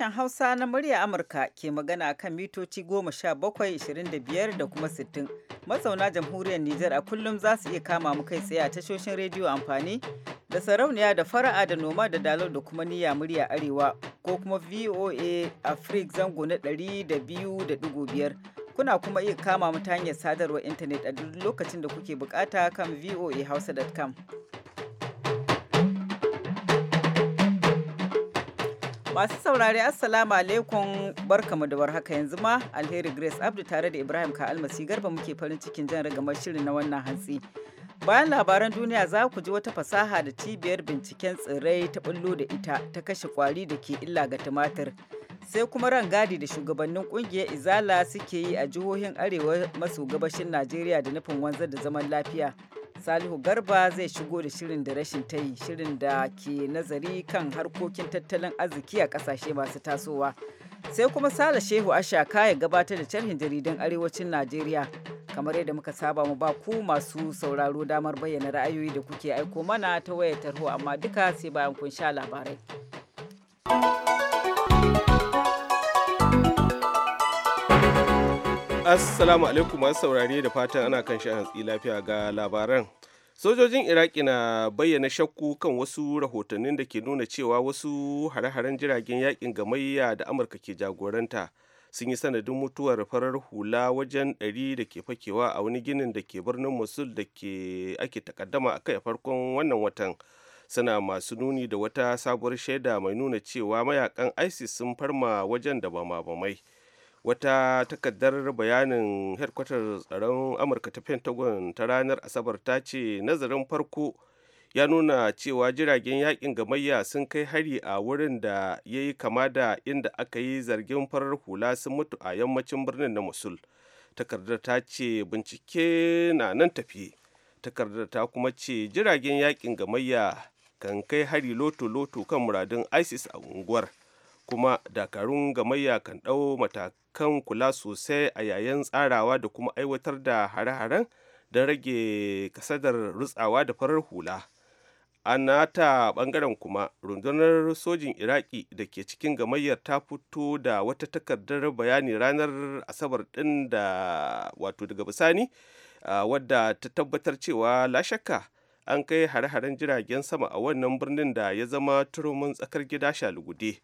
sashen Hausa na murya Amurka ke magana kan mitoci 17,25 da kuma 60. Mazauna jamhuriyar Nijar a kullum za su iya kama mu kai tsaye a tashoshin rediyo amfani da sarauniya da fara'a da noma da dalo da kuma niyya murya arewa ko kuma VOA Africa zango na 200.5. Kuna kuma iya kama mu ta hanyar sadarwar intanet a duk lokacin da kuke bukata kan voahausa.com. Masu saurari Assalamu alaikum barkamu da haka yanzu ma Alheri Grace Abdu tare da Ibrahim Ka Almasi Garba muke farin cikin jan ragamar shirin na wannan hantsi. Bayan labaran duniya za ku ji wata fasaha da cibiyar binciken tsirrai ta bullo da ita ta kashe kwari da ke illa ga tumatir. Sai kuma ran gadi da shugabannin kungiyar Izala suke yi a jihohin arewa maso gabashin Najeriya da nufin wanzar da zaman lafiya. Salihu Garba zai shigo da shirin da rashin ta yi shirin da ke nazari kan harkokin tattalin arziki a kasashe masu tasowa. Sai kuma Sala Shehu Ashaka ya gabatar da sharhin jaridan Arewacin Najeriya. Kamar yadda muka saba mu ba ku masu sauraro damar bayyana ra'ayoyi da kuke aiko mana ta wayar tarho amma duka sai bayan kun sha labarai. Assalamu alaikum masu saurare da fatan ana kan sha'an hantsi lafiya ga labaran. Sojojin Iraki na bayyana shakku kan wasu rahotannin da ke nuna cewa wasu hare-haren jiragen yakin gamayya da Amurka ke jagoranta sun yi sanadin mutuwar farar hula wajen ɗari da ke fakewa a wani ginin da ke birnin Mosul da ke ake takaddama akai farkon wannan watan. Suna masu nuni da wata sabuwar shaida mai nuna cewa mayakan ISIS sun farma wajen da bama mai. wata takardar bayanin headquarter tsaron amurka ta pentagon ta ranar asabar ta ce nazarin farko ya nuna cewa jiragen yakin gamayya sun kai hari a wurin da ya yi kama da inda aka yi zargin farar hula sun mutu a yammacin birnin na musul takardar ta ce bincike na nan tafi takardar ta kuma ce jiragen yakin gamayya kan kai hari loto-loto kan muradun isis a unguwar kuma dakarun gamayya kan ɗau matakan kula sosai a yayin tsarawa da kuma aiwatar da hare-haren don rage kasadar rutsawa da farar hula a nata bangaren kuma rundunar sojin iraki da ke cikin gamayyar ta fito da wata takardar bayani ranar asabar ɗin da wato daga bisani wadda ta tabbatar cewa lashaka an kai hare-haren jiragen sama a wannan birnin da ya zama turumin tsakar gida shalugude.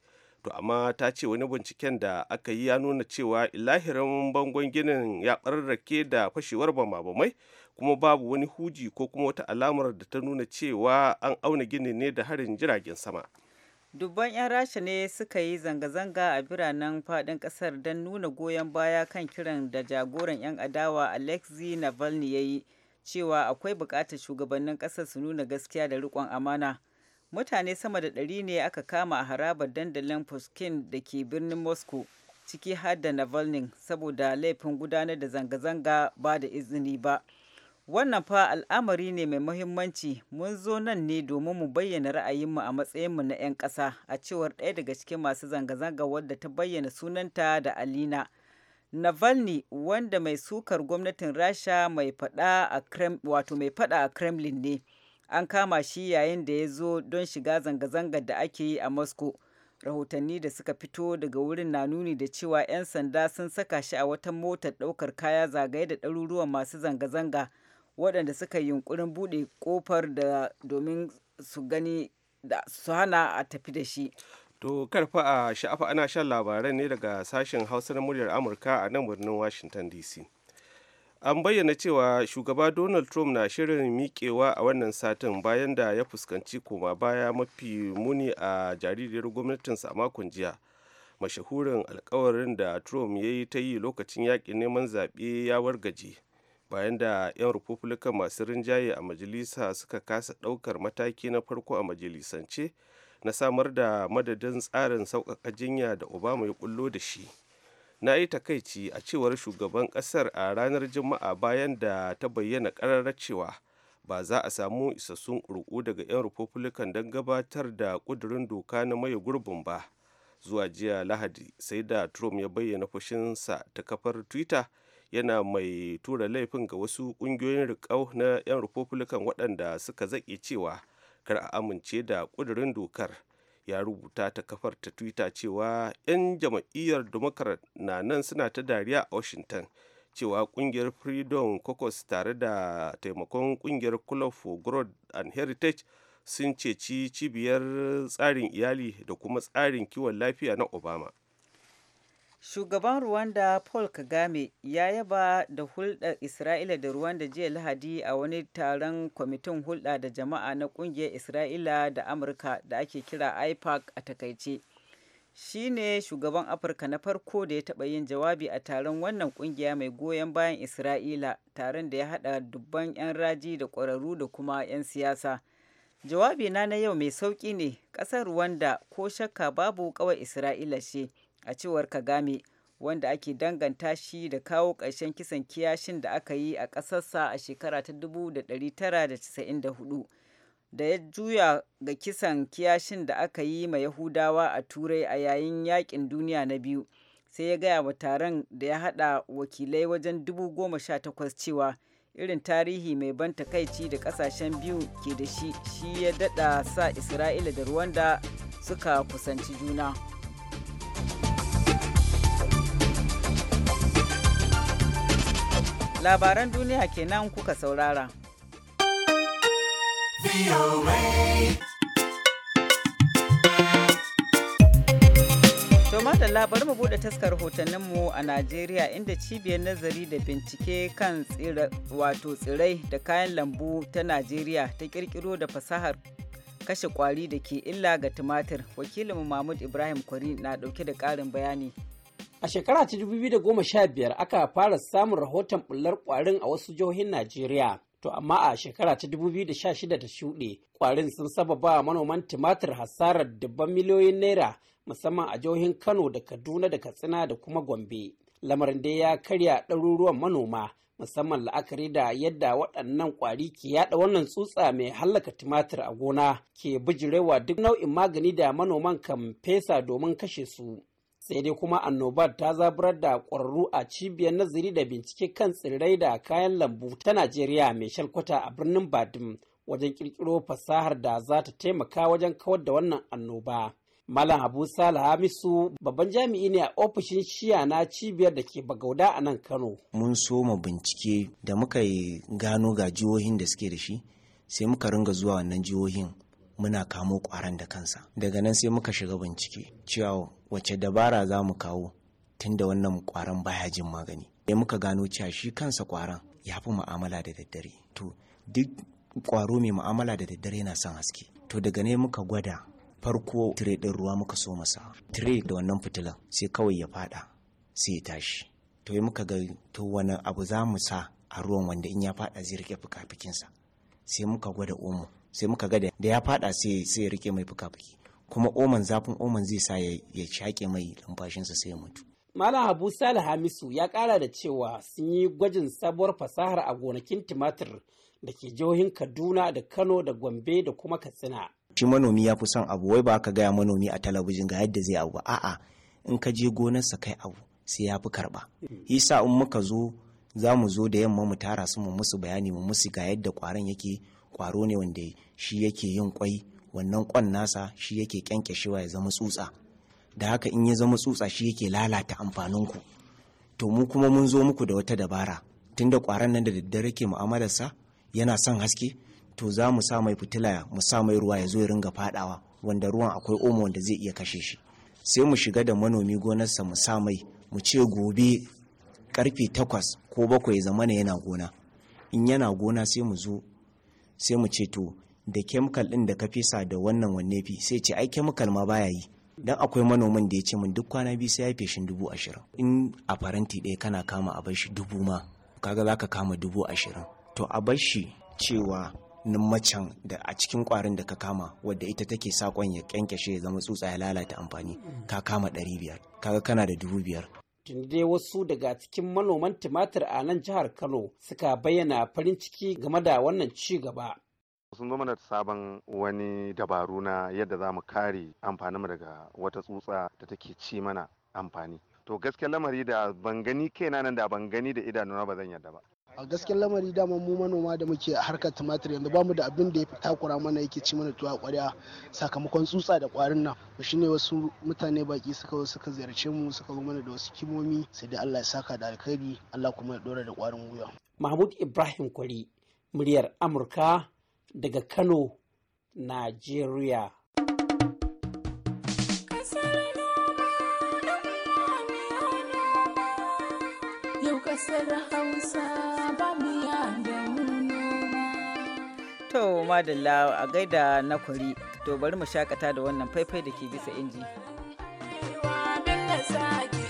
to amma ta ce wani binciken da aka yi ya nuna cewa ilahirin bangon ginin ya ɓararrake da fashewar bamabamai kuma babu wani huji ko kuma wata alamar da ta nuna cewa an auna ginin ne da harin jiragen sama dubban 'yan rasha ne suka yi zanga-zanga a biranen fadin kasar don nuna goyon baya kan kiran da jagoran 'yan adawa alexei navalny ya yi cewa akwai bukatar shugabannin kasar su nuna gaskiya da rikon amana mutane sama da ɗari ne aka kama a harabar dandalin puskin da ke birnin moscow ciki har da navalny saboda laifin gudanar da zanga-zanga ba da izini ba wannan fa al'amari ne mai muhimmanci mun zo nan ne domin mu bayyana ra'ayinmu a matsayinmu na 'yan ƙasa a cewar ɗaya daga cikin masu zanga-zanga wadda ta bayyana sunanta da alina navalny wanda mai sukar gwamnatin rasha mai fada a kremlin ne an kama shi yayin da ya zo don shiga zanga zanga da ake yi a moscow rahotanni da suka fito daga wurin na nuni da cewa 'yan sanda sun saka shi a wata motar ɗaukar kaya zagaye da ɗaruruwan masu zanga-zanga waɗanda suka yi yunkurin buɗe kofar da domin su gani da su hana a tafi da shi to karfa a sha'afa ana shan labaran ne daga sashen hausa na muryar amurka a nan birnin washington dc an bayyana cewa shugaba donald trump na shirin miƙewa a wannan satin bayan da ya fuskanci koma baya mafi muni a jaririyar gwamnatinsa a makon jiya mashahurin alkawarin da trump ya yi ta yi lokacin yakin neman zaɓe ya wargaje bayan da 'yan republican masu rinjaye a majalisa suka kasa ɗaukar mataki na farko a majalisance na samar da madadin tsarin sauƙaƙa jinya da obama ya ƙullo da shi na yi takaici a cewar shugaban kasar a ranar juma'a bayan da ta bayyana ƙararrar cewa ba za a samu isassun ƙuri'u daga 'yan republican don gabatar da ƙudurin doka na maye gurbin ba zuwa jiya lahadi sai da trump ya bayyana fushinsa ta kafar twitter yana mai tura laifin ga wasu ƙungiyoyin riƙau na 'yan republican waɗanda suka zaƙi cewa kar a amince da ƙudurin dokar ya rubuta ta kafar ta twitter cewa 'yan jam'iyyar democrat na nan suna ta dariya a washington cewa kungiyar freedom caucus tare da taimakon kungiyar club for growth and heritage sun ceci cibiyar tsarin iyali da kuma tsarin kiwon lafiya na obama Shugaban Rwanda Paul Kagame ya yaba da hulɗar Isra'ila da Rwanda jiya Lahadi a wani taron kwamitin hulɗa da jama'a na ƙungiyar Isra'ila da Amurka da ake kira IPAC a takaice. Shi ne shugaban Afirka na farko da ya taɓa yin jawabi a taron wannan ƙungiya mai goyon bayan Isra'ila, taron da ya haɗa dubban 'yan raji da ƙwararru da kuma 'yan siyasa. Jawabina na yau mai sauƙi ne, ƙasar Rwanda ko shakka babu kawai Isra'ila ce. a cewar kagame wanda ake danganta shi da kawo ƙarshen kisan kiyashin da aka yi a ƙasarsa a shekara ta 1994 da ya juya ga kisan kiyashin da aka yi ma yahudawa a turai a yayin yakin duniya na biyu sai ya gaya wa taron da ya haɗa wakilai wajen takwas cewa irin tarihi mai ban takaici da ƙasashen biyu ke da shi shi ya dada sa isra'ila da ruwan da suka kusanci juna. labaran duniya kenan kuka saurara. Toma da labar mu bude taskar hotanninmu a Najeriya inda cibiyar nazari da bincike kan wato tsirai da kayan lambu ta Najeriya ta kirkiro da fasahar kashe kwari da ke illa ga tumatir. Wakilinmu Mahmud Ibrahim Kwari na dauke da karin bayani. A shekara ta 2015 aka fara samun rahoton bullar kwarin a wasu jihohin Najeriya. To amma a shekara ta 2016 ta shuɗe, kwarin sun sababa manoman tumatir hasarar dubban miliyoyin naira musamman a jihohin Kano da Kaduna da Katsina da kuma Gombe. Lamarin dai ya karya ɗaruruwan manoma musamman la'akari da yadda waɗannan ƙwari ke yaɗa wannan tsutsa mai hallaka tumatir a gona ke bijirewa duk nau'in magani da manoman kan fesa domin kashe su. sai dai kuma annobar ta zaburar da ƙwararru a cibiyar nazari da bincike kan tsirrai da kayan lambu ta najeriya mai shalkwata a birnin badin wajen ƙirƙiro fasahar da za ta taimaka wajen kawar da wannan annoba malam abu sala hamisu babban jami'i ne a ofishin shiya na cibiyar da ke bagauda a nan kano mun soma bincike da muka gano ga jihohin da suke da shi sai muka ringa zuwa wannan jihohin muna kamo kwaran da kansa daga nan sai muka shiga bincike cewa wace dabara za mu kawo tun da wannan kwaran baya jin magani ya muka gano cewa shi kansa kwaran ya fi mu'amala da daddare to duk kwaro mai mu'amala da daddare yana son haske to daga ne muka gwada farko tire din ruwa muka so masa tire da wannan fitilan sai kawai ya fada sai ya tashi to yi muka ga to wani abu za mu sa a ruwan wanda in ya fada zai rike fikafikinsa sai muka gwada omo sai muka ga da ya fada sai sai ya rike mai fuka-fuki kuma oman zafin oman zai sa ya shaƙe mai lumfashinsa sai ya mutu Malam Habu Salih Hamisu ya ƙara da cewa sun yi gwajin sabuwar fasahar a gonakin tumatir da ke jihohin Kaduna da Kano da Gombe da kuma Katsina. Shi manomi ya fi son abu wai ba ka gaya manomi a talabijin ga yadda zai abu ba a'a in ka je gonarsa kai abu sai ya fi karba. Hmm. Isa in muka zo za mu zo da yamma mu tara su mu musu bayani mu musu ga yadda kwaron yake kwaro ne wanda shi yake yin kwai wannan kwan nasa shi yake shiwa ya zama tsutsa da haka in ya zama tsutsa shi yake lalata amfaninku to mu kuma mun zo muku da wata dabara tunda kwaron nan da daddare ke mu'amalarsa yana son haske to za mu sa mai fitila mu sa mai ruwa ya zo ya ringa fadawa wanda ruwan akwai omo wanda zai iya kashe shi sai mu shiga da manomi gonarsa mu sa mai mu ce gobe karfe takwas ko bakwai zamana yana gona in yana gona sai mu zo sai mu ce to da chemical din da ka fesa da wannan wanne fi sai ce ai chemical ma baya yi dan akwai manomin da ya ce min duk kwana biyu sai ya feshin dubu ashirin in a faranti ɗaya kana kama a bashi dubu ma kaga za ka kama dubu ashirin to a bar shi cewa na macen da a cikin kwarin da ka kama wadda ita take sakon ya kyankyashe ya zama tsutsa ya lalata amfani ka kama ɗari biyar kaga kana da dubu biyar tunda dai wasu daga cikin manoman tumatir a nan jihar kano suka bayyana farin ciki game da wannan ci gaba sun zama da sabon wani dabaru na yadda za mu kare amfaninmu daga wata tsutsa da take ci mana amfani to gaskiyar lamari da ban gani kaina nan da ban gani da idanuna ba zan yarda ba a gaskiyar lamari dama mu manoma da muke a harkar tumatir yanzu bamu da abin da ya takura mana yake ci mana tuwa kwarya sakamakon tsutsa da kwarin nan to shine wasu mutane baki suka zo suka ziyarce mu suka zo mana da wasu kimomi sai da Allah ya saka da alkhairi Allah kuma ya dora da kwarin gwiwa Mahmud Ibrahim Kwari muryar Amurka daga Kano Najeriya Kasar Hausa ba miya da To madalla a gaida na kuri to bari mu shakata da wannan faifai da ke bisa inji. Bello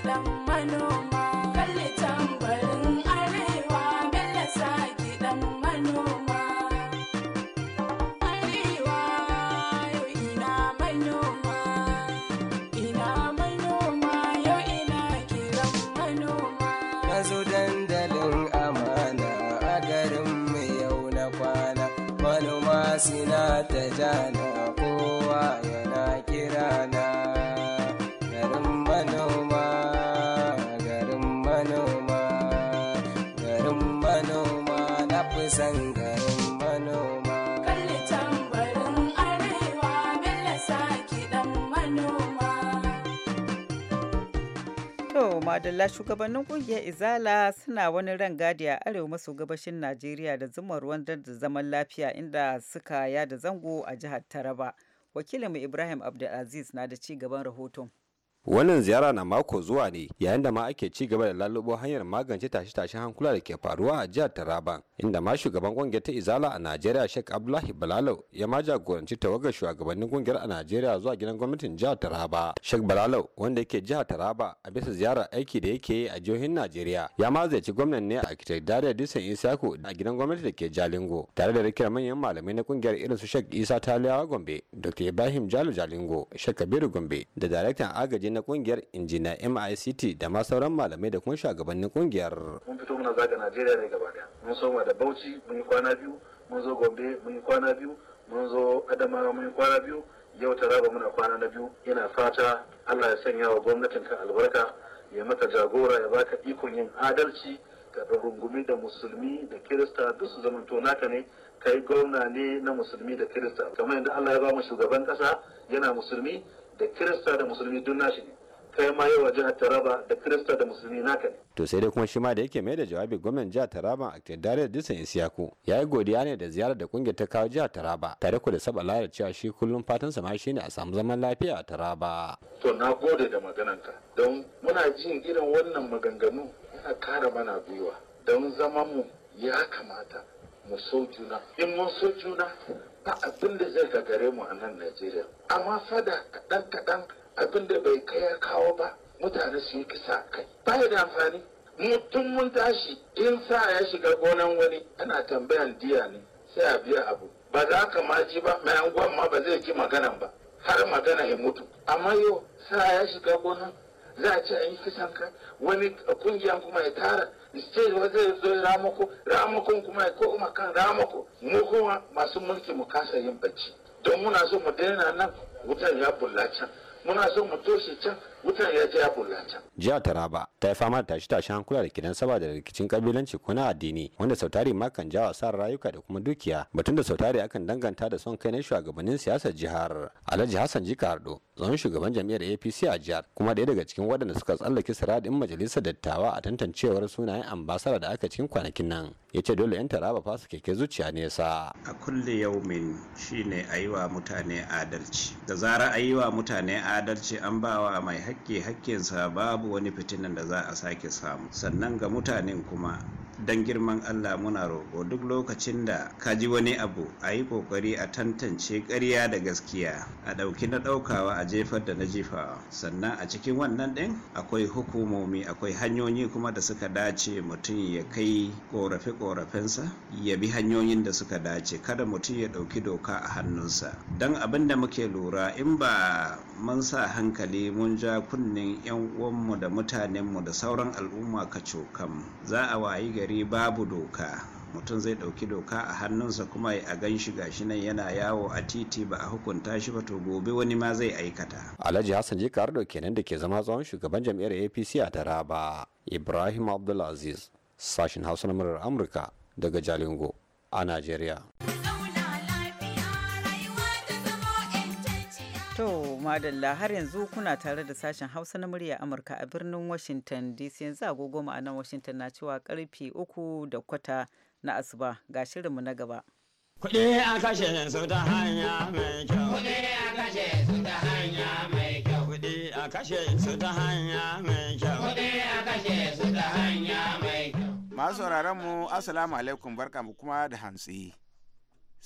ta know. madalla shugabannin kungiyar izala suna wani ran gadi a arewa maso gabashin najeriya da zuma ruwan da zaman lafiya inda suka yada zango a jihar taraba wakilinmu ibrahim abdulaziz na da ci gaban rahoton wannan ziyara na mako zuwa ne yayin da ma ake ci gaba da lalubo hanyar magance tashe-tashen hankula da ke faruwa a jihar taraba inda ma shugaban kungiyar ta izala a najeriya sheikh abdullahi balalau ya ma jagoranci tawagar shugabannin kungiyar a najeriya zuwa gidan gwamnatin jihar taraba sheikh balalau wanda yake jihar taraba a bisa ziyara aiki da yake yi a jihohin najeriya ya ma ziyarci gwamnan ne a kitar dariya disan isako a gidan gwamnati da ke jalingo tare da rikiyar manyan malamai na kungiyar irin su sheikh isa taliyawa gombe dr ibrahim jalu jalingo sheikh kabiru gombe da daraktan agaji na kungiyar injina MICT da ma sauran malamai da kuma shugabannin kungiyar. Mun fito muna zaga Najeriya ne gaba daya. Mun soma da Bauchi mun yi kwana biyu, mun zo Gombe mun yi kwana biyu, mun zo Adamawa mun yi kwana biyu, yau Taraba muna kwana na biyu. Ina fata Allah ya sanya wa gwamnatin ka albarka, ya maka jagora ya baka ikon yin adalci da rungumi da musulmi da kirista duk su zamanto naka ne kai gwamna ne na musulmi da kirista kamar yadda Allah ya ba mu shugaban ƙasa yana musulmi da kirista da musulmi duk nashi ne kai ma yawa jihar taraba da kirista da musulmi naka ne to sai dai kuma shi ma da yake mai da jawabi gwamnan jihar taraba a kedare disan isiyaku ya yi godiya ne da ziyarar da kungiyar ta kawo jihar taraba tare ku da saba lalar cewa shi kullum fatan sa ma ne a samu zaman lafiya a taraba to na gode da magananka don muna jin irin wannan maganganu yana kara mana gwiwa don zaman mu ya kamata mu so juna in mun so juna ba abin da zai gagare mu a nan Najeriya amma fada kaɗan kaɗan abin da bai kai ya kawo ba mutane su yi kisa kai ba da amfani mutum mun tashi in sa ya shiga gonan wani ana tambayan diya ne sai a biya abu ba za ka ma ji ba mai anguwan ma ba zai ji maganan ba har magana ya mutu amma yau sa ya shiga gonan za a ce an yi kisan kai wani kungiyan kuma ya tara state ba zai zo ramako ramakon kuma ya koma kan ramako mu kuma masu mulki mu kasa yin bacci don muna so mu daina nan wutar ya bulla can muna so mu toshe can wutan ya ce ya Jiya Jihar Taraba ta yi fama da tashi tashen hankula da gidan saba da rikicin kabilanci ko na addini wanda sautari ma kan jawo sa rayuka da kuma dukiya batun da sautari akan danganta da son kai na shugabannin siyasar jihar. Alhaji Hassan Jikardo tsohon shugaban jam'iyyar APC a jihar kuma ɗaya daga cikin waɗanda suka tsallake siradin majalisar dattawa a tantancewar sunayen ambasara da aka cikin kwanakin nan ya ce dole 'yan taraba fa su keke zuciya ne nesa a kulle yaumin shine a yi wa mutane adalci da zara a yi wa mutane adalci an ba wa mai haƙƙi haƙƙinsa babu wani fitinan da za a sake samu sannan ga mutanen kuma don girman Allah muna roƙo duk lokacin da ka ji wani abu a yi ƙoƙari a tantance ƙarya da gaskiya a ɗauki na ɗaukawa a jefar da na jifawa sannan a cikin wannan ɗin akwai hukumomi akwai hanyoyi kuma da suka dace mutum ya kai ƙorafe ƙorafensa ya bi hanyoyin da suka dace kada mutum ya ɗauki doka a hannunsa don abin da muke lura in ba mun sa hankali mun ja kunnen 'yan uwanmu da mutanenmu da sauran al'umma ka cokan za a wayi gari babu doka mutum zai ɗauki doka a hannunsa kuma ya gan shi gashi nan yana yawo a titi ba a hukunta shi ba to gobe wani ma zai aikata. Alhaji Hassan Jikardo kenan da ke zama tsawon shugaban jami'ar APC a Taraba Ibrahim Abdulaziz sashin Hausa na murar Amurka daga Jalingo a Najeriya. madalla har yanzu kuna tare da sashen Hausa na murya Amurka a birnin Washington DC yanzu agogo a nan Washington na cewa karfe uku da kwata na asuba ga shirinmu na gaba. Kuɗi a kashe su ta hanya mai kyau. Kuɗi a kashe su ta hanya mai kyau. Kuɗi a kashe su ta hanya mai kyau. Kuɗi a kashe su ta hanya mai kyau. Masu sauraron mu Assalamu alaikum barkamu kuma da hantsi.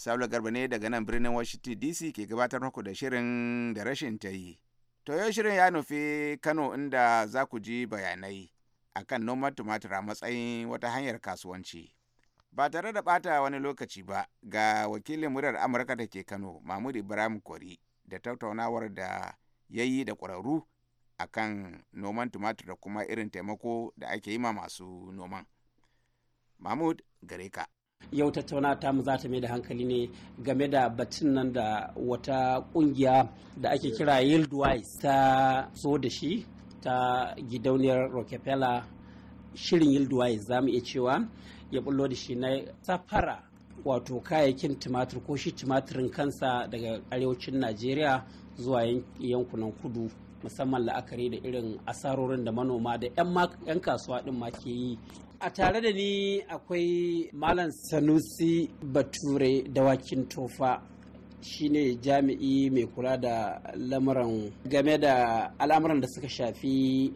Sabla Garba ne daga nan birnin Washington DC ke gabatar muku da shirin da rashin ta yi. To yau shirin ya nufi Kano inda za ku ji bayanai akan noman tumatir a matsayin wata hanyar kasuwanci. Ba tare da ɓata wani lokaci ba ga wakilin murar Amurka da ke Kano, Mahmud Ibrahim Kori, da tattaunawar da ya yi da ƙwararru akan noman tumatir da kuma irin taimako da ake yi ma masu noman. Mahmud gare ka. yau tattauna ta mu za ta mai da hankali ne game da batun nan da wata kungiya da ake kira yieldwise ta so da shi ta gidauniyar rockefeller shirin yieldwise za mu iya cewa ya bullo da shi na safara wato kayayyakin tumatir ko shi tumatirin kansa daga arewacin najeriya zuwa yankunan kudu musamman la'akari da irin asarorin da manoma da 'yan kasuwa din ma ke yi A tare da ni akwai Malam Sanusi Bature dawakin tofa shine jami'i mai kula da lamuran game da al'amuran da suka shafi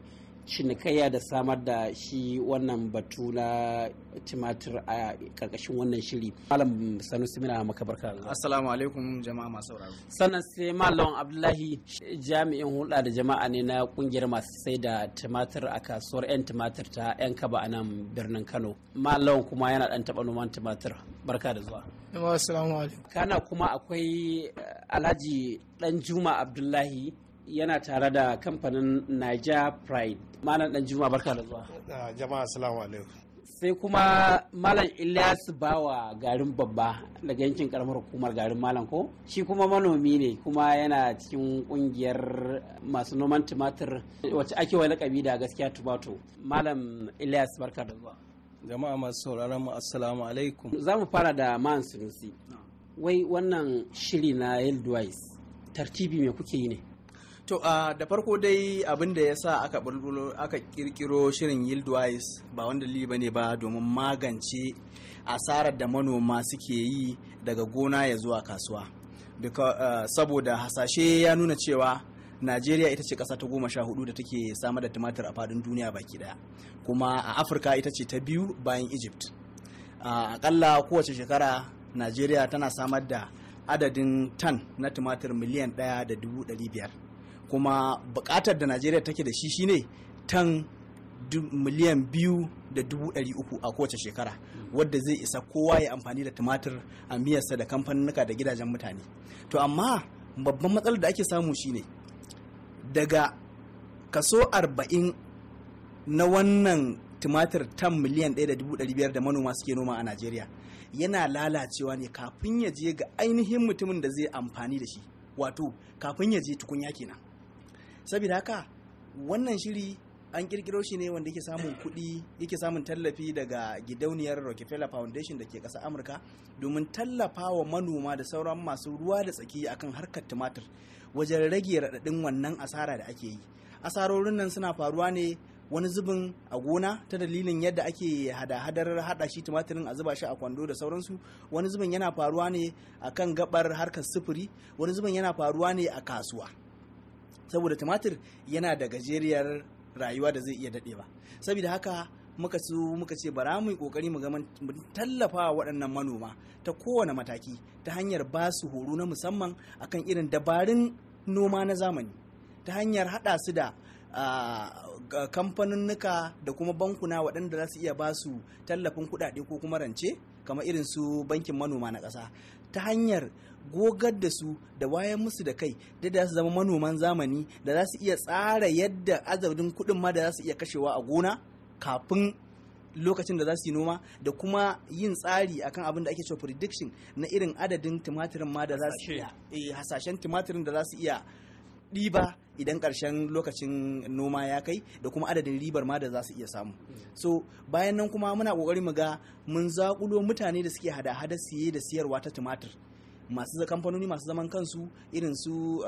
cinikayya da samar da shi wannan batu na tumatir a karkashin wannan shiri malam sanusi mina maka barka assalamu alaikum jama'a masu sauraro sannan sai malam abdullahi jami'in hulɗa da jama'a ne na kungiyar masu sai da tumatir a kasuwar yan timatir ta yan kaba a nan birnin kano malam kuma yana dan taɓa noman tumatir barka da zuwa assalamu alaikum kana kuma akwai eh, alhaji dan juma abdullahi yana tare da kamfanin Niger Pride. Malam dan Juma barka da zuwa. Ah, jama'a assalamu alaikum. Sai kuma Malam Ilyas Bawa garin babba daga yankin karamar hukumar garin Malam ko? Shi kuma manomi ne kuma yana cikin kungiyar masu noman tumatir wacce ake wani lakabi da gaskiya tumato. Malam Ilyas barka da zuwa. Jama'a masu sauraron mu assalamu alaikum. Za mu fara da Man Sunusi. Wai wannan shiri na Yildwise tartibi me kuke yi ne? To uh, da farko dai abin da ya sa aka bulbulo aka kirkiro shirin Yieldwise ba wanda li ne ba domin magance asarar da manoma suke yi daga gona ya zuwa kasuwa. saboda hasashe ya nuna cewa Najeriya ita ce ƙasa ta goma sha hudu da take samar da tumatir a faɗin duniya baki ɗaya kuma a Afirka ita ce ta biyu bayan Egypt. Uh, akalla kowace shekara Najeriya tana samar da adadin tan na tumatir miliyan ɗaya da dubu ɗari biyar. kuma bukatar da najeriya take da shi shine tan miliyan biyu da dubu ɗari uku a kowace shekara wadda zai isa kowa ya amfani da tumatir a miyarsa da kamfanunuka da gidajen mutane to amma babban matsalar da ake samu shine daga kaso arba'in na wannan tumatir tan miliyan ɗaya da dubu ɗari biyar da manoma suke noma a najeriya yana lalacewa ne kafin ya je ga ainihin mutumin da zai amfani da shi wato kafin ya je tukunya kenan saboda haka wannan shiri an kirkiro shi ne wanda yake samun kuɗi yake samun tallafi daga gidauniyar rockefeller foundation da ke ƙasar amurka domin tallafa wa manoma da sauran masu ruwa da tsaki akan harkar tumatir wajen rage raɗaɗin wannan asara da ake yi asarorin nan suna faruwa ne wani zubin a gona ta dalilin yadda ake hada-hadar hada shi tumatirin a zuba shi a kwando da sauransu wani zubin yana faruwa ne a kan gabar harkar sufuri wani zubin yana faruwa ne a kasuwa saboda tumatir yana da gajeriyar rayuwa da zai iya ba. saboda haka muka su muka ce bara mu yi kokari mu gaman tallafa waɗannan manoma ta kowane mataki ta hanyar ba su horo na musamman akan irin dabarun noma na zamani ta hanyar haɗa su da kamfaninnuka da kuma bankuna waɗanda za su iya ba su tallafin kuɗaɗe ko kuma rance kamar irin su bankin manoma na ƙasa ta hanyar gogar da su da wayan musu da kai da za su zama manoman zamani da za su iya tsara yadda azabin kudin ma da za su iya kashewa a gona kafin lokacin da za su yi noma da kuma yin tsari akan abin da ake cewa prediction na irin adadin tumatirin ma da za su iya eh, hasashen tumatirin da za su iya ɗiba idan ƙarshen lokacin noma ya kai da kuma adadin ribar ma da za su iya samu hmm. so bayan nan kuma muna ƙoƙari mu ga mun zaƙulo mutane da suke hada-hada siye da siyarwa ta tumatir masu kamfanoni masu zaman kansu irin su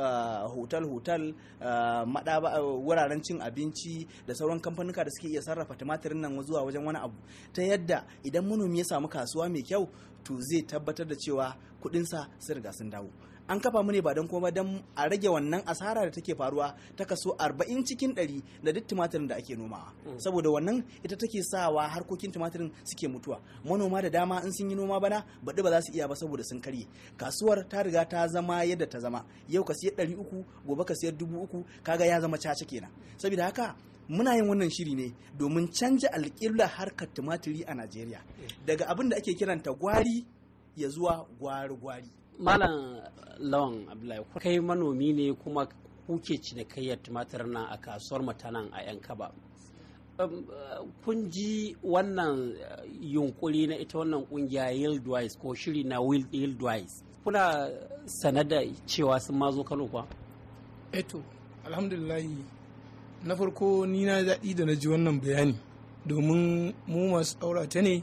hotel-hotel ah, ah, ah, wuraren cin abinci da sauran kamfanuka da suke iya sarrafa tumatirin nan zuwa wajen wani abu ta yadda idan manomi ya samu kasuwa mai kyau to zai tabbatar da cewa kudinsa sun riga sun dawo an kafa mu ne ba don kuma don a rage wannan asara da take faruwa ta kaso 40 cikin 100 da duk tumatirin da ake nomawa mm. saboda wannan ita take sawa harkokin tumatirin suke mutuwa manoma da dama in sun yi noma bana baɗi ba za su iya ba saboda sun karye kasuwar ta riga ta zama yadda ta zama yau ka ɗari 300 gobe ka siya 3000 kaga ya zama caca kenan saboda haka muna yin wannan shiri ne domin canja alƙiblar harkar tumatiri a najeriya mm. daga abin da ake kiranta gwari ya zuwa gwari-gwari malam lawan abdullahi kai manomi ne kuma kuke cinikayyar tumatir nan a kasuwar nan a yan kaba um, uh, kun ji wannan uh, yunkuri na ita wannan kungiya yildwise ko shiri na yildwise kuna sane da cewa sun mazo kano kwa? eto eh alhamdulillahi na farko ni na daɗi da na ji wannan bayani domin mu masu ɗaura ta ne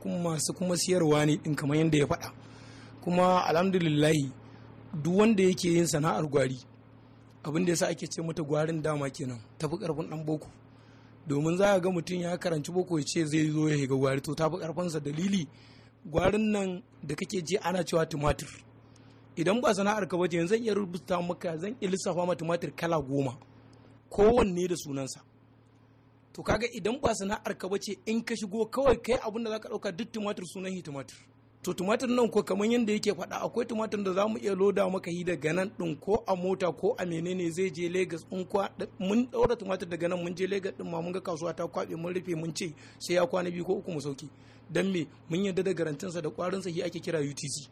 kuma masu kuma siyarwa ne ɗin kamar yadda ya faɗa kuma alhamdulillahi duk wanda yake yin sana'ar gwari abin da yasa ake ce mata gwarin dama kenan tafi karfin dan boko domin za a ga mutum ya karanci boko ya ce zai zo ya shiga gwari to tafi karfansa dalili gwarin nan da kake ji ana cewa tumatir idan ba sana'ar ka bace zan iya rubuta maka zan iya lissafa ma tumatir kala goma kowanne da sunansa to kaga idan ba sana'ar ka bace in ka shigo kawai kai abin da zaka dauka duk tumatir sunan hi tumatir to tumatir nan ko kamar yadda yake faɗa akwai tumatir da za mu iya loda maka yi daga nan ɗin ko a mota ko a menene zai je Legas in kwa mun ɗaura tumatir daga nan mun je Legas ɗin ma mun ga kasuwa ta kwaɓe mun rufe mun ce sai ya kwana biyu ko uku mu sauki dan me mun yarda da garantinsa da sa shi ake kira UTC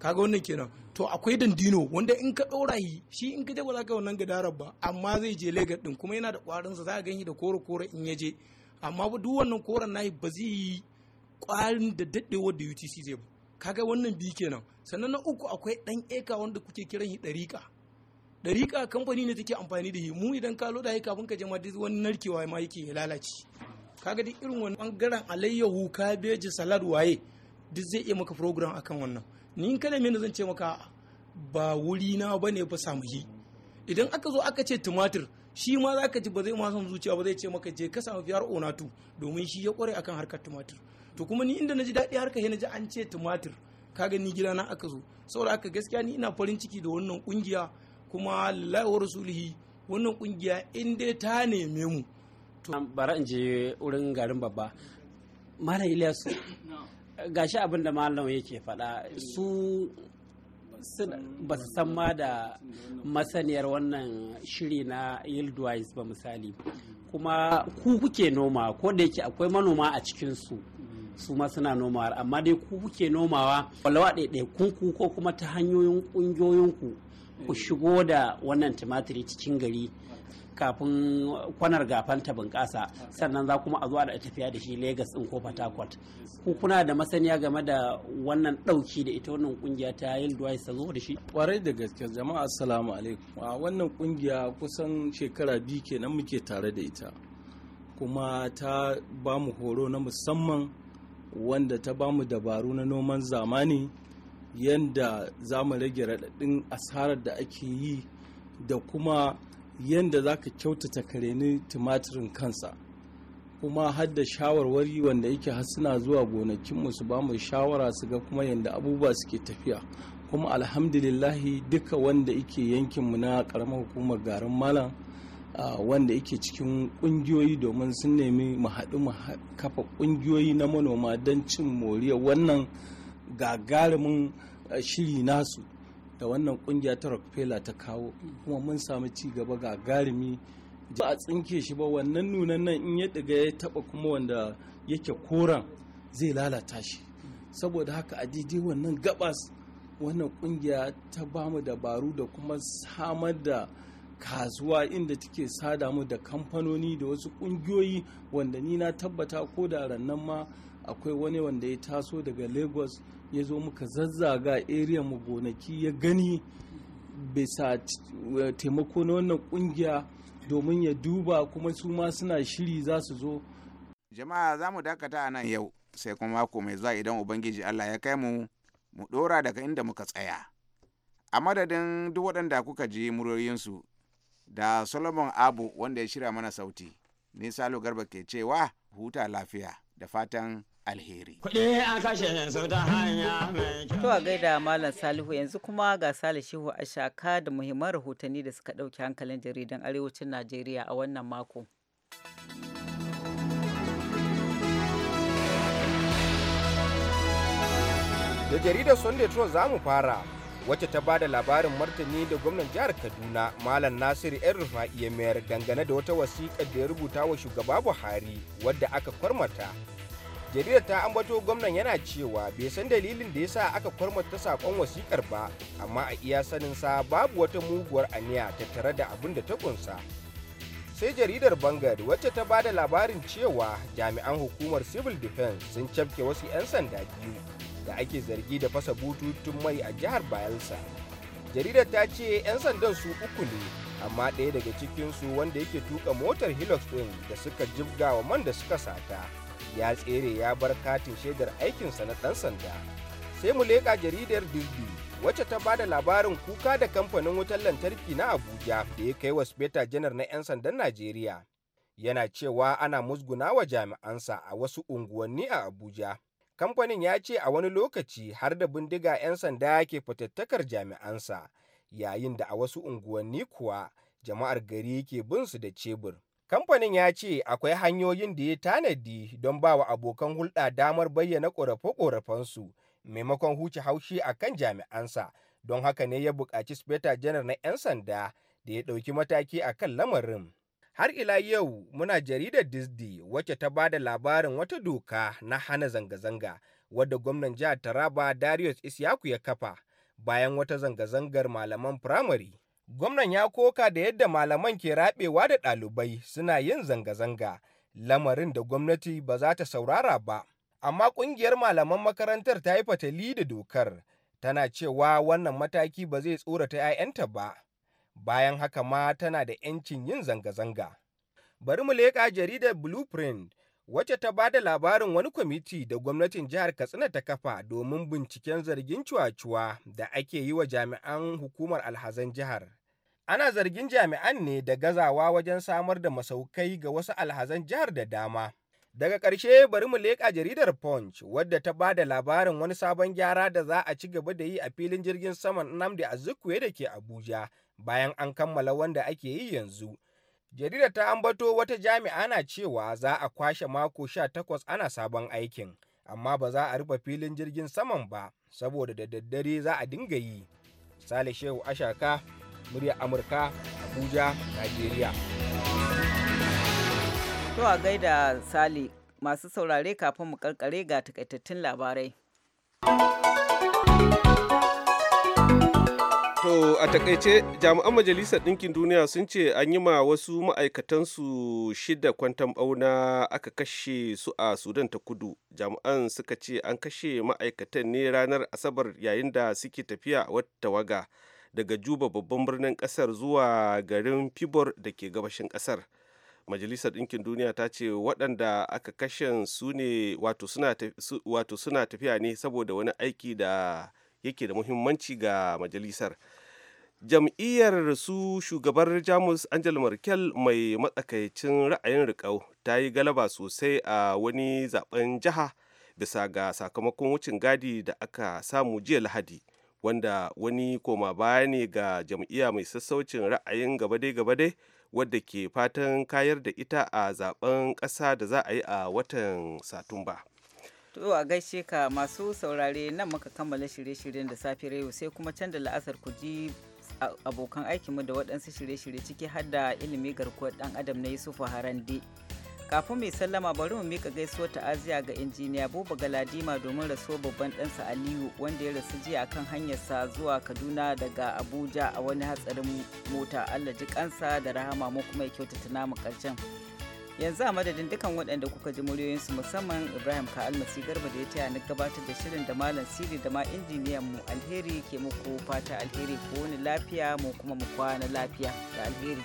kaga wannan kenan to akwai dandino wanda in ka ɗora yi shi in ka je ba za ka wannan gadarar ba amma zai je Legas ɗin kuma yana da sa za a gan da kore kore in ya je amma duk wannan koren nahi ba zai yi kwarin da daɗewar da utc zai kaga wannan biyu kenan sannan na uku akwai ɗan eka wanda kuke kiran shi ɗarika. Ɗarika kamfani ne take amfani da shi mu idan ka loda shi kafin ka je ma duk wani narkewa ma yake ya lalace kaga duk irin wani bangaren alayyahu kabeji salad waye duk zai iya maka program akan wannan ni in ne zan ce maka ba wuri na bane ba samu yi idan aka zo aka ce tumatir shi ma zaka ji ba zai ma son zuciya ba zai ce maka je ka samu fiyar onatu domin shi ya kware akan harkar tumatir to kuma ni inda naji daɗi harka na naji an ce tumatir kaga ni gidana aka zo saboda haka gaskiya ni ina farin ciki da wannan kungiya kuma lillahi wa rasulihi wannan kungiya in dai ta neme mu to bara in je wurin garin babba malam Ilyas gashi abin da malam yake faɗa su ba su san ma da masaniyar wannan shiri na yildwise ba misali kuma ku kuke noma ko da yake akwai manoma a cikinsu su ma suna nomawa amma dai ku kuke nomawa walawa ɗaiɗaikun ku ko kuma ta hanyoyin ƙungiyoyinku ku shigo da wannan tumatiri cikin gari kafin kwanar gafan ta bunƙasa sannan za kuma a zuwa da tafiya da shi Legas ɗin ko Port Harcourt ku kuna da masaniya game da wannan ɗauki da ita wannan ƙungiya ta Yildwai ya zo da shi kwarai da gaske jama'a assalamu alaikum a wannan ƙungiya kusan shekara biyu kenan muke tare da ita kuma ta ba mu horo na musamman wanda ta bamu dabaru na noman zamani yadda za mu rage raɗaɗin asarar da ake yi da kuma yadda za ka kyautata kareni tumatirin kansa kuma har da shawarwari wanda yake har suna zuwa gonakinmu su ba mu shawara su ga kuma yadda abubuwa suke tafiya kuma alhamdulillahi duka wanda yake yankinmu na ƙaramar hukumar garin malam wanda yake cikin kungiyoyi domin sun nemi mu haɗu mu kafa kungiyoyi na manoma don cin moriya wannan gagarumin shiri nasu da wannan kungiya ta rockefeller ta kawo kuma mun samu ci gaba gagarumi ba a tsinke shi ba wannan nunan nan in ya ɗiga ya taɓa kuma wanda yake koran zai lalata shi saboda haka a daidai wannan gabas wannan kungiya ta bamu dabaru da kuma samar da kasuwa inda take sada mu da kamfanoni da wasu kungiyoyi wanda ni na tabbata ko da rannan ma akwai wani wanda ya taso daga lagos ya zo muka zazzaga area mu gonaki ya gani bisa taimako na wannan kungiya domin ya duba kuma su ma suna shiri za su zo jama'a za mu dakata a nan yau sai kuma mako mai zuwa idan ubangiji allah ya kai mu mu dora daga inda muka tsaya a madadin duk waɗanda kuka ji muryoyinsu da solomon abu wanda ya shirya mana sauti ni salo garba ke cewa huta lafiya da fatan alheri to a gaida malam salihu yanzu kuma ga salihu shehu a shaka da muhimman rahotanni da suka ɗauki hankalin jaridan arewacin najeriya a wannan mako da jaridar sunday trust za mu fara wacce ta ba da labarin martani da gwamnan jihar kaduna malam nasir yan rufa'i ya mayar dangane da wata wasiƙa da ya rubuta wa shugaba buhari wadda aka kwarmata jaridar ta ambato gwamnan yana cewa bai san dalilin da ya sa aka kwarmata sakon wasikar ba amma a iya sanin sa babu wata muguwar aniya tattare da abin da ta kunsa sai jaridar bangar wacce ta bada labarin cewa jami'an hukumar civil defense sun cafke wasu 'yan sanda biyu da ake zargi da fasa bututun mai a jihar Bayelsa. Jaridar ta ce 'yan sandan su uku ne, amma ɗaya daga cikinsu wanda yake tuka motar Hilux ɗin da suka jibga wa man da suka sata. Ya tsere ya bar katin shaidar aikinsa na ɗan sanda. Sai mu leƙa jaridar Disney wacce ta ba da labarin kuka da kamfanin wutar lantarki na Abuja da ya kai wa Speta janar na 'yan sandan Najeriya. Yana cewa ana musguna wa jami'ansa a wasu unguwanni a Abuja Kamfanin ya ce a wani lokaci har da bindiga 'yan sanda ke fatattakar jami'ansa, yayin da a wasu unguwanni kuwa jama'ar gari ke bin su da cebur. Kamfanin ya ce akwai hanyoyin da ya tanadi don ba wa abokan hulɗa damar bayyana ƙorafe-ƙorafensu maimakon huce haushi a kan jami'ansa, don haka ne ya buƙaci Sufeta Janar na 'Yan Sanda da ya ɗauki mataki a kan lamarin. Har ila yau muna jaridar Disney wacce ta ba da labarin wata doka na hana zanga-zanga wadda gwamnan jihar Taraba Darius Isyaku ya kafa bayan wata zanga-zangar malaman firamare. Gwamnan ya koka da yadda malaman ke rabewa da ɗalibai suna yin zanga-zanga lamarin da gwamnati ba za ta saurara ba. Amma ƙungiyar malaman makarantar ta yi fatali da dokar tana cewa wannan mataki ba zai tsorata 'ya'yanta ba. Bayan haka ma tana da ‘yancin yin zanga-zanga. Bari mu leƙa jaridar Blueprint wacce ta ba da labarin wani kwamiti da gwamnatin jihar Katsina ta kafa domin binciken zargin cuwa-cuwa da ake yi wa jami'an hukumar alhazan jihar. Ana zargin jami'an ne da gazawa wajen samar da masaukai ga wasu alhazan jihar da dama. Daga ƙarshe bari mu leƙa jaridar Punch wadda ta ba da labarin wani sabon gyara da za a ci gaba da yi a filin jirgin saman Nnamdi Azikiwe da ke Abuja bayan an kammala wanda ake yi yanzu. Jaridar ta ambato wata jami'a na cewa za a kwashe mako sha takwas ana sabon aikin, amma ba za a rufe filin jirgin saman ba saboda da daddare za a dinga yi. Sale Shehu Ashaka, murya Amurka, Abuja, Najeriya. To a gaida Sale masu saurare kafin mu karkare ga takaitattun labarai. To a takaice jami'an majalisar ɗinkin duniya sun ce an yi ma wasu ma'aikatansu shida kwantan bauna aka kashe su a Sudan ta kudu. Jami'an suka ce an kashe ma'aikatan ne ranar Asabar yayin da suke tafiya wata tawaga daga Juba babban birnin ƙasar zuwa garin Fibor da ke gabashin ƙasar. Majalisar Ɗinkin Duniya ta ce waɗanda aka kashe su ne wato suna tafiya ne saboda wani aiki da yake da muhimmanci ga majalisar. jam'iyyar su shugabar jamus angel merkel mai matsakaicin ra'ayin rikau ta yi galaba sosai a wani zaben jiha bisa ga sakamakon wucin gadi da aka samu jiya lahadi wanda wani koma baya ne ga jam'iyya mai sassaucin ra'ayin gabade-gabade wadda ke fatan kayar da ita a zaben kasa da za a yi a watan satumba. To a gaishe ka masu saurare nan muka kammala shirye-shiryen da safe yau sai kuma can da la'asar ku ji abokan aikinmu da waɗansu shirye-shirye ciki har da ilimi garkuwar ɗan adam na yusufu harande kafin mai sallama bari mu mika gaisuwar ta'aziya ga injiniya buba galadima domin rasuwar babban ɗansa aliyu wanda ya rasu jiya kan hanyarsa zuwa kaduna daga abuja a wani hatsarin mota allah ji kansa da rahama mu kuma ya kyautata namu karshen yanzu a madadin dukan waɗanda kuka ji muryoyinsu musamman ibrahim almasi garba da ya taya na gabatar da shirin da malam siri da ma injiniyan mu alheri ke muku fata alheri ko wani lafiya mu kuma mu kwana lafiya da alheri